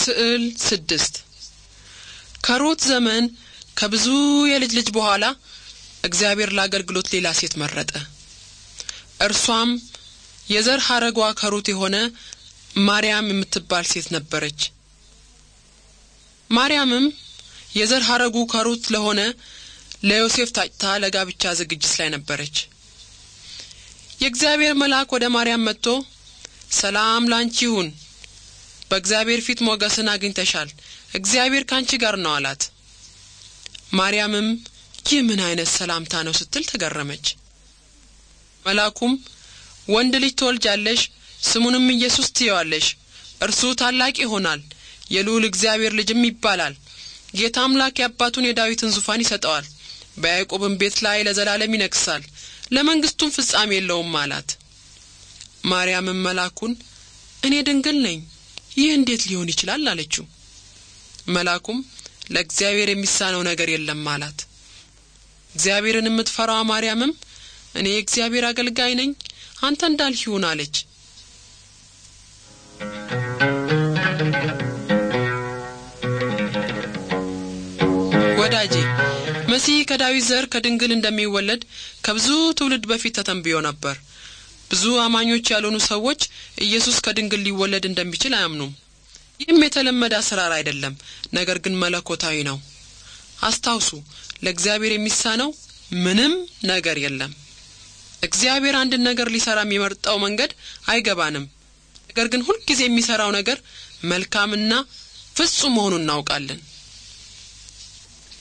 ስዕል ስድስት ከሩት ዘመን ከብዙ የልጅ ልጅ በኋላ እግዚአብሔር ለአገልግሎት ሌላ ሴት መረጠ። እርሷም የዘር ሐረጓ ከሩት የሆነ ማርያም የምትባል ሴት ነበረች። ማርያምም የዘር ሐረጉ ከሩት ለሆነ ለዮሴፍ ታጭታ ለጋብቻ ዝግጅት ላይ ነበረች። የእግዚአብሔር መልአክ ወደ ማርያም መጥቶ ሰላም ላንቺ ይሁን በእግዚአብሔር ፊት ሞገስን አግኝተሻል፣ እግዚአብሔር ካንቺ ጋር ነው አላት። ማርያምም ይህ ምን አይነት ሰላምታ ነው ስትል ተገረመች። መልአኩም ወንድ ልጅ ትወልጃለሽ፣ ስሙንም ኢየሱስ ትየዋለሽ። እርሱ ታላቅ ይሆናል፣ የልዑል እግዚአብሔር ልጅም ይባላል። ጌታ አምላክ የአባቱን የዳዊትን ዙፋን ይሰጠዋል፣ በያዕቆብም ቤት ላይ ለዘላለም ይነግሣል፣ ለመንግሥቱም ፍጻሜ የለውም አላት። ማርያምም መልአኩን እኔ ድንግል ነኝ ይህ እንዴት ሊሆን ይችላል አለችው መልአኩም ለእግዚአብሔር የሚሳነው ነገር የለም አላት እግዚአብሔርን የምትፈራዋ ማርያምም እኔ የእግዚአብሔር አገልጋይ ነኝ አንተ እንዳልህ ይሁን አለች ወዳጄ መሲህ ከዳዊት ዘር ከድንግል እንደሚወለድ ከብዙ ትውልድ በፊት ተተንብዮ ነበር ብዙ አማኞች ያልሆኑ ሰዎች ኢየሱስ ከድንግል ሊወለድ እንደሚችል አያምኑም። ይህም የተለመደ አሰራር አይደለም፣ ነገር ግን መለኮታዊ ነው። አስታውሱ፣ ለእግዚአብሔር የሚሳነው ምንም ነገር የለም። እግዚአብሔር አንድን ነገር ሊሰራ የሚመርጠው መንገድ አይገባንም። ነገር ግን ሁልጊዜ የሚሰራው ነገር መልካምና ፍጹም መሆኑን እናውቃለን።